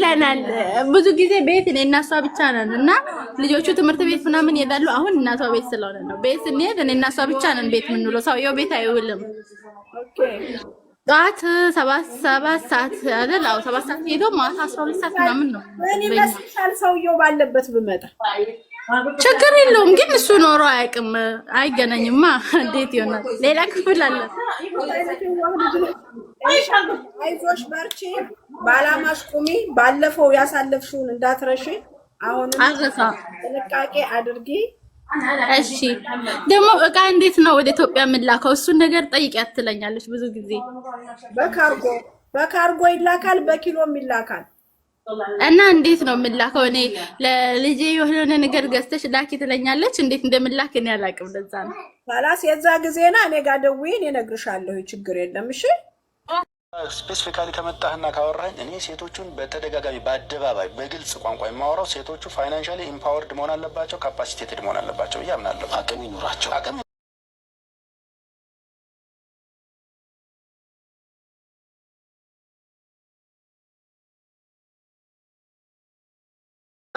ይለናል። ብዙ ጊዜ ቤት እኔ እና እሷ ብቻ ነን እና ልጆቹ ትምህርት ቤት ምናምን ይሄዳሉ። አሁን እናቷ ቤት ስለሆነ ነው። ቤት ስንሄድ እኔ እና እሷ ብቻ ነን ቤት የምንውለው። ሰውየው ቤት አይውልም። ጠዋት ሰባት ሰባት ሰዓት አይደል? አዎ ሰባት ሰዓት ሄዶ ማታ አስራ ሁለት ሰዓት ምናምን ነው። እኔ መስሻል ሰውየው ባለበት ብመጣ ችግር የለውም ግን እሱ ኖሮ አያውቅም። አይገናኝማ። እንዴት ይሆናል? ሌላ ክፍል አለ። አይዞሽ በርቺ በአላማሽ ቁሚ። ባለፈው ያሳለፍሽውን እንዳትረሽ አሁን ጥንቃቄ አድርጊ። እሺ። ደግሞ እቃ እንዴት ነው ወደ ኢትዮጵያ የምላከው? እሱን ነገር ጠይቂያት ትለኛለች ብዙ ጊዜ። በካርጎ በካርጎ ይላካል፣ በኪሎም ይላካል። እና እንዴት ነው የምላከው? እኔ ለልጄ የሆነ ነገር ገዝተሽ ላኪ ትለኛለች። እንዴት እንደምላክ እኔ አላውቅም። ለዛ ነው። ኋላስ የዛ ጊዜና እኔ ጋር ደውዪ፣ እኔ እነግርሻለሁ። ችግር የለም። እሺ ስፔሲፊካሊ ከመጣህና ካወራኝ እኔ ሴቶቹን በተደጋጋሚ በአደባባይ በግልጽ ቋንቋ የማወራው ሴቶቹ ፋይናንሻሊ ኢምፓወርድ መሆን አለባቸው፣ ካፓሲቴትድ መሆን አለባቸው ብዬ አምናለሁ። አቅም ይኑራቸው።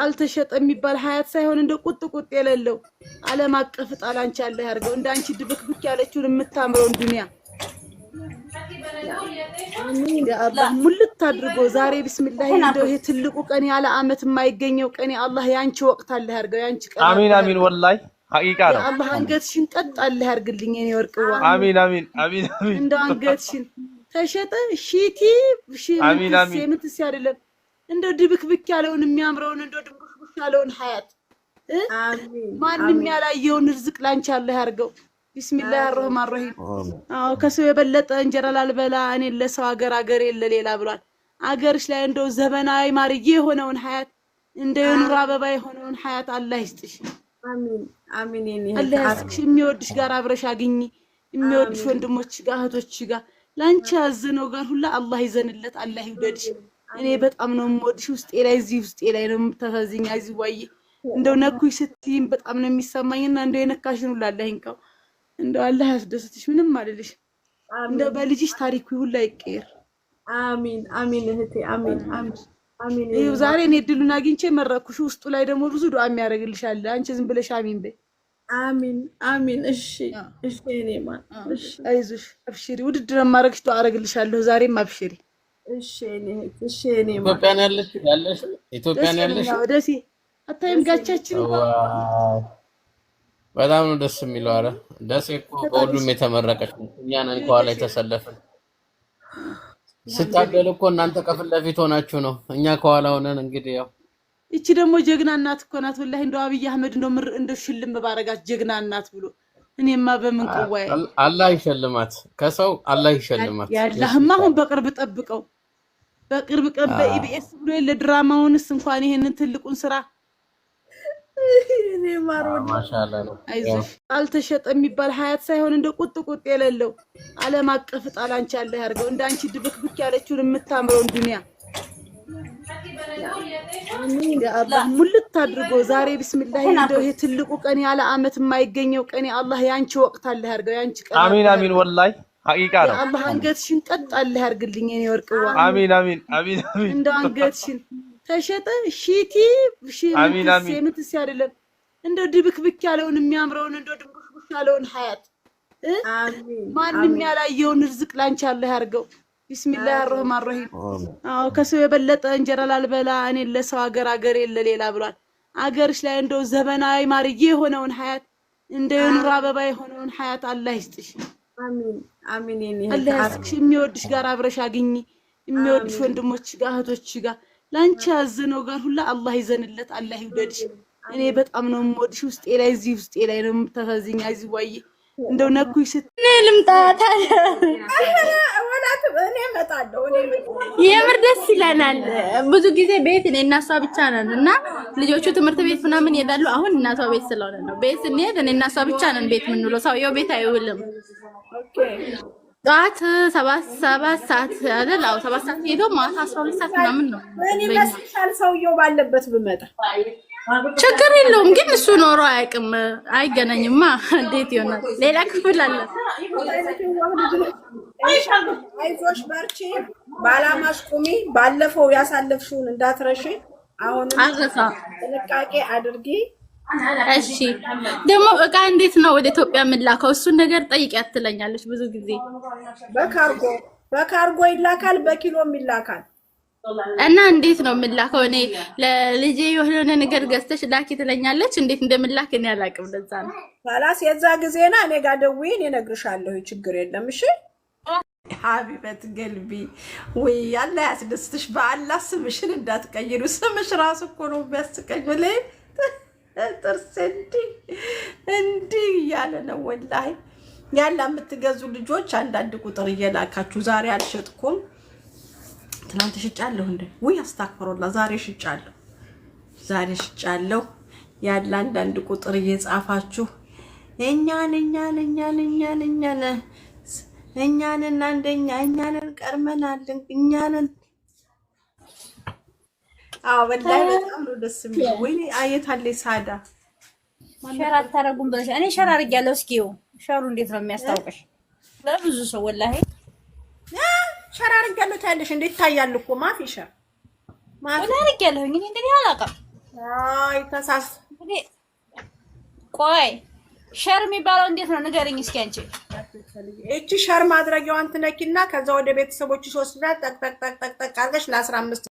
አልተሸጠ የሚባል ሀያት ሳይሆን እንደ ቁጥ ቁጥ የሌለው ዓለም አቀፍ ዕጣ ላንቺ አለ ያድርገው። እንደ አንቺ ድብክብክ ያለችውን የምታምረውን ዱኒያ ሙልት አድርጎ ዛሬ ብስሚላ እንደው ይሄ ትልቁ ቀን ያለ አመት የማይገኘው ቀን አላህ ያንቺ ወቅት አለ ያርገው። ያንቺ ቀን አሚን አሚን። ወላሂ ሀቂቃ ነው። አላህ አንገትሽን ቀጥ አለ ያርግልኝ እኔ ወርቅዋ። አሚን አሚን አሚን አሚን። እንደው አንገትሽን ተሸጠ ሺቲ ሺ ምትስ አይደለም እንደው ድብክብክ ያለውን የሚያምረውን እንደው ድብክብክ ያለውን ሀያት ማንም ያላየውን ርዝቅ ላንቺ አለ ያርገው። ቢስሚላህ አረህማን ረሂም። አዎ ከሰው የበለጠ እንጀራ ላልበላ እኔ ለሰው ሀገር ሀገር የለ ሌላ ብሏል። አገርሽ ላይ እንደው ዘመናዊ ማርዬ የሆነውን ሀያት እንደ የኑሮ አበባ የሆነውን ሀያት አላህ ይስጥሽ። አላህ ያስጥሽ። የሚወድሽ ጋር አብረሽ አግኝ። የሚወድሽ ወንድሞች ጋር እህቶች ጋር ለአንቺ ያዘነው ጋር ሁላ አላህ ይዘንለት፣ አላህ ይውደድሽ። እኔ በጣም ነው የምወድሽ። ውስጤ ላይ እዚህ ውስጤ ላይ ነው የምታሳዝኝ። እዚህ ዋዬ እንደው ነኩኝ ስትይም በጣም ነው የሚሰማኝና እንደው የነካሽን ሁላ አላህ ይንካው። እንደ አላህ ያስደስትሽ። ምንም አልልሽ። እንደ በልጅሽ ታሪኩ ሁላ ይቀየር። አሚን አሚን፣ እህቴ አሚን አሚን። ይኸው ዛሬ እኔ እድሉን አግኝቼ መረኩሽ። ውስጡ ላይ ደግሞ ብዙ ዱዓ የሚያደርግልሽ አለ። አንቺ ዝም ብለሽ አሚን በይ። አሚን አሚን። እሺ እሺ፣ እኔማ እሺ፣ አይዞሽ፣ አብሽሪ። ውድድር ማድረግሽ ዱዓ አደርግልሻለሁ። ዛሬም አብሽሪ። እሺ እኔ እሺ፣ እኔማ ኢትዮጵያ ነው ያለሽ ያለሽ፣ ኢትዮጵያ ነው ያለሽ። ደሴ አታይም ጋቻችን በጣም ነው ደስ የሚለው። አረ ደሴ እኮ በሁሉም የተመረቀች እኛ ነን ከኋላ የተሰለፍን። ስታገል እኮ እናንተ ከፊት ለፊት ሆናችሁ ነው፣ እኛ ከኋላ ሆነን እንግዲህ ያው እቺ ደግሞ ጀግና እናት እኮ ናት። ወላሂ እንደው አብይ አህመድ እንደው ምር እንደው ሽልም ባረጋት ጀግና እናት ብሎ እኔማ በምን ቅዋይ አላህ ይሸልማት፣ ከሰው አላህ ይሸልማት። ያላህማ አሁን በቅርብ ጠብቀው፣ በቅርብ ቀን በኢቢኤስ ብሎ የለ ድራማውንስ እንኳን ይሄንን ትልቁን ስራ አልተሸጠ የሚባል ሀያት ሳይሆን እንደ ቁጥ ቁጥ የሌለው ዓለም አቀፍ እጣል አንቺ አለ ያድርገው። እንደ አንቺ ድብክብክ ያለችውን የምታምረውን ዱኒያ አላህ ሙልት አድርጎ ዛሬ ብስሚላ እንደው ይሄ ትልቁ ቀን ያለ አመት የማይገኘው ቀን አላህ ያንቺ ወቅት አለ ያርገው ያንቺ ቀን አሚን አሚን። ወላሂ ሀቂቃ ነው። አላህ አንገትሽን ቀጥ አለ ያድርግልኝ የኔ ወርቅዋ። አሚን አሚን አሚን አሚን። አንገትሽን ተሸጠ ሺቲ የምትስ አይደለም እንደው ድብክብክ ያለውን የሚያምረውን እንደው ድብክብክ ያለውን ሀያት ማንም ያላየውን ርዝቅ ላንቺ አለ ያርገው። ቢስሚላህ አረህማን ረሂም። አዎ ከሰው የበለጠ እንጀራ ላልበላ እኔ ለሰው ሀገር አገር የለ ሌላ ብሏል። አገርሽ ላይ እንደው ዘመናዊ ማርዬ የሆነውን ሀያት እንደ የኑር አበባ የሆነውን ሀያት አላህ ይስጥሽ። አሚን። አሚን። ይስጥሽ። የሚወድሽ ጋር አብረሽ አግኝ። የሚወድሽ ወንድሞች ጋር እህቶች ጋር ለአንቺ ያዘነው ጋር ሁላ አላህ ይዘንለት፣ አላህ ይውደድሽ። እኔ በጣም ነው የምወድሽ። ውስጤ ላይ እዚህ ውስጤ ላይ ነው የምታሳዝኝ። እዚህ ዋይ እንደው ነኩኝ ስት እኔ ልምጣ ታዲያ የምር ደስ ይለናል። ብዙ ጊዜ ቤት እኔ እናሷ ብቻ ነን እና ልጆቹ ትምህርት ቤት ምናምን ይሄዳሉ። አሁን እናቷ ቤት ስለሆነ ነው። ቤት ስንሄድ እኔ እናሷ ብቻ ነን ቤት የምንውለው። ሰውየው ቤት አይውልም። ጠዋት ሰባት ሰባት ሰዓት አይደል? አዎ ሰባት ሰዓት ሄዶ ማታ አስራ ሁለት ሰዓት ምናምን ነው። ምን ይመስልሻል? ሰውየው ባለበት ብመጣ ችግር የለውም ግን እሱ ኖሮ አያውቅም። አይገናኝማ። እንዴት ይሆናል? ሌላ ክፍል አለ። አይዞሽ፣ በርቺ፣ ባላማሽ ቁሚ። ባለፈው ያሳለፍሽውን እንዳትረሽ። አሁን ጥንቃቄ አድርጊ። እሺ ደግሞ እቃ እንዴት ነው ወደ ኢትዮጵያ የምላከው? እሱን ነገር ጠይቅ ትለኛለች። ብዙ ጊዜ በካርጎ በካርጎ ይላካል፣ በኪሎም ይላካል። እና እንዴት ነው የምላከው? እኔ ለልጄ የሆነ ነገር ገዝተሽ ላኪ ትለኛለች። እንዴት እንደምላክ እኔ አላውቅም። ለዛ ነው ባላስ የዛ ጊዜና እኔ ጋር ደውዪ፣ እኔ እነግርሻለሁ። ችግር የለም። እሺ ሀቢበት ገልቢ ወይ ያለ ያስደስትሽ። በአላህ ስምሽን እንዳትቀይሩ። ስምሽ ራሱ እኮ ነው የሚያስቀኝ። ጥርስ እንዲህ እንዲህ እያለ ነው። ወላሂ ያላ የምትገዙ ልጆች አንዳንድ ቁጥር እየላካችሁ ዛሬ አልሸጥኩም ትናንት ሽጫለሁ እንደ ውይ አስታክፈሮላ ዛሬ ሽጫለሁ ዛሬ ሽጫለሁ ያለ አንዳንድ ቁጥር እየጻፋችሁ እኛን እኛን እኛን እኛን እኛን እኛን እናንደኛ እኛንን ቀርመናል እኛንን ወላሂ በጣም ነው ደስ የሚለው። ወይኔ ሳዳ ሸር አታረጉም ብለሽ እኔ ሸር አድርጊያለሁ። እስኪ ሸሩ እንዴት ነው የሚያስታውቅሽ? ለብዙ ሰው ወላሂ ሸር አድርጊያለሁ ታያለሽ። እንዴት እኮ ማፊ ሸር አድርጊያለሁ። እንግዲህ እንግዲህ አላውቅም። አይ ተሳስ እንግዲህ ቆይ ሸር የሚባለው እንዴት ነው ንገርኝ እስኪ አንቺ። እቺ ሸር ማድረጊያዋን ትነኪና ከዛ ወደ ቤተሰቦች ሶስት ብላ ጠቅ ጠቅ አድርገሽ ለአስራ አምስት